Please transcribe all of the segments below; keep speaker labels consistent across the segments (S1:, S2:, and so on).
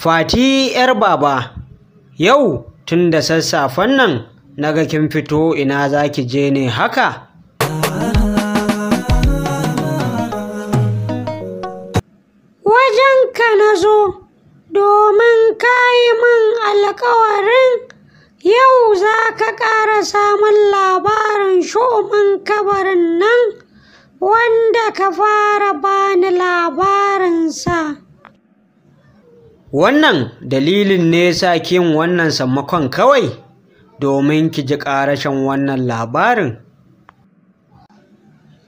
S1: Fati ‘yar baba, yau tun da sassafen nan naga kin fito ina za ki je ne haka?
S2: Wajenka na zo, domin kayi yi min alkawarin yau za ka ƙara samun labarin shomin kabarin nan wanda ka fara bani labarinsa.
S1: Wannan dalilin ne sakin sa yin wannan sammakon kawai domin ki ji ƙarashen wannan labarin.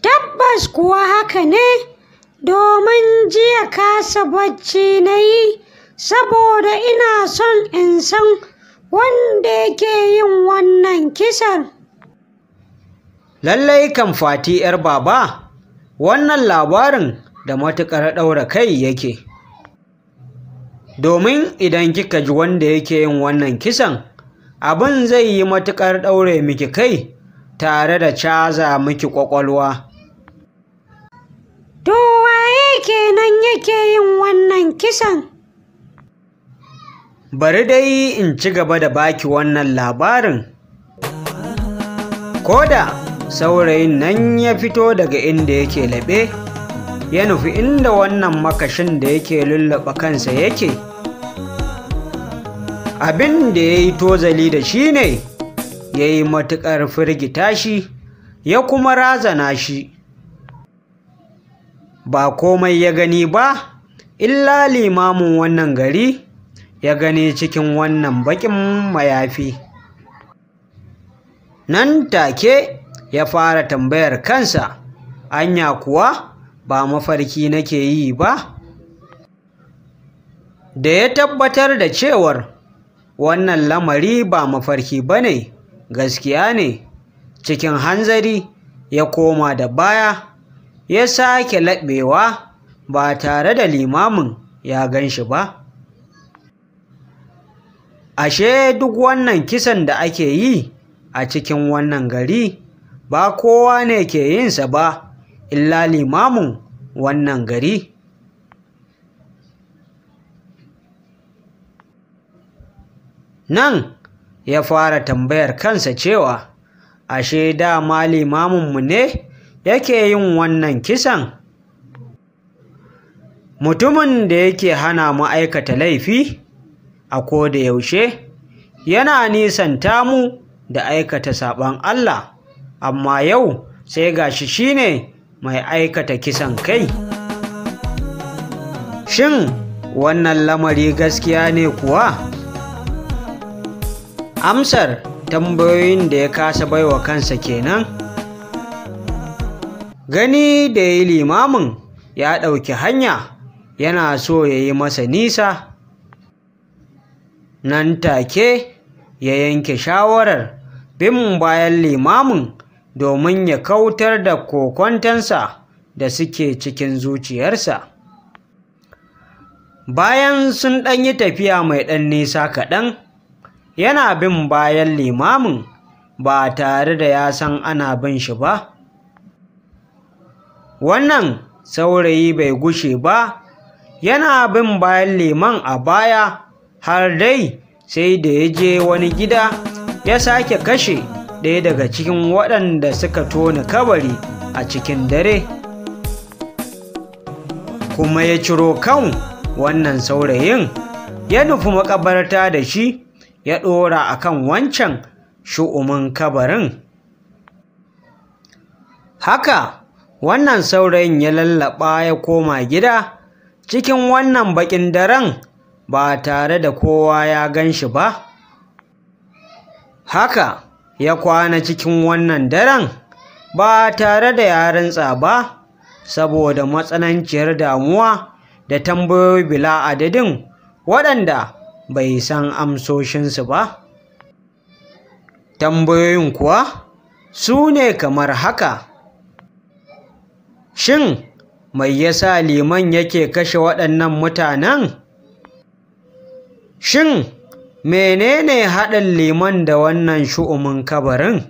S2: Tabbas kuwa haka ne, domin jiya kasa bacci na yi, saboda ina son in san wanda yake yin wannan kisan.
S1: Lallai kan fati ‘yar baba, wannan labarin da matuƙar ɗaura kai yake. domin idan kika ji wanda yake yin wannan kisan abin zai yi matuƙar ɗaure miki kai tare da caza miki ƙwaƙwalwa
S2: to waye kenan yake yin wannan kisan
S1: bari dai in ci gaba da baki wannan labarin koda saurayin nan ya fito daga inda yake laɓe ya nufi inda wannan makashin da yake lullaba kansa yake abin da ya yi tozali da shi ne ya yi matuƙar firgita shi ya kuma razana shi ba komai ya gani ba illa limamin wannan gari ya gani cikin wannan baƙin mayafi nan take ya fara tambayar kansa anya kuwa ba mafarki nake yi ba da ya tabbatar da cewar wannan lamari ba mafarki ba ne gaskiya ne cikin hanzari ya koma da baya ya sake laɓewa ba tare da limamin ya gan shi ba ashe duk wannan kisan da ake yi a cikin wannan gari ba kowa ne ke yinsa ba illa limamin wannan gari nan ya fara tambayar kansa cewa ashe dama limaminmu ne yake yin wannan kisan mutumin da yake hana ma'aikata laifi a ko da yaushe yana nisan tamu da aikata sabon Allah amma yau sai gashi shine mai aikata kisan kai shin wannan lamari gaskiya ne kuwa Amsar tambayoyin da ya kasa baiwa kansa kenan. Gani da ya limamin ya ɗauki hanya yana so ya yi masa nisa. Nan take ya yanke shawarar bin bayan limamin domin ya kautar da kokontansa da suke cikin zuciyarsa. Bayan sun ɗan yi tafiya mai ɗan nisa kaɗan, yana bin bayan limamin ba tare da ya san ana bin shi ba wannan saurayi bai gushe ba yana bin bayan liman a baya har dai sai da ya je wani gida ya sake kashe ɗaya daga cikin waɗanda suka tona kabari a cikin dare kuma ya ciro kan wannan saurayin ya nufi makabarta da shi ya ɗora a kan wancan shu'umin kabarin haka wannan saurayin ya lallaɓa ya koma gida cikin wannan baƙin daren ba tare da kowa ya gan shi ba haka ya kwana cikin wannan daren ba tare da ya ba saboda matsananciyar damuwa da tambayoyi bila adadin waɗanda bai san amsoshinsu ba tambayoyin kuwa su ne kamar haka shin mai yasa liman yake kashe waɗannan mutanen shin menene haɗin liman da wannan shu'umin kabarin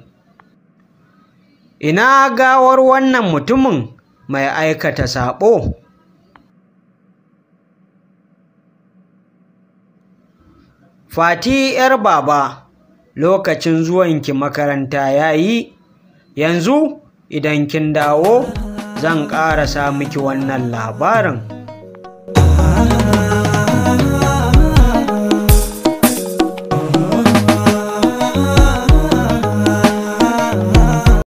S1: ina gawar wannan mutumin mai aikata saɓo Fati ‘yar baba, lokacin zuwanki makaranta ya yi, yanzu idan kin dawo zan ƙarasa miki wannan labarin.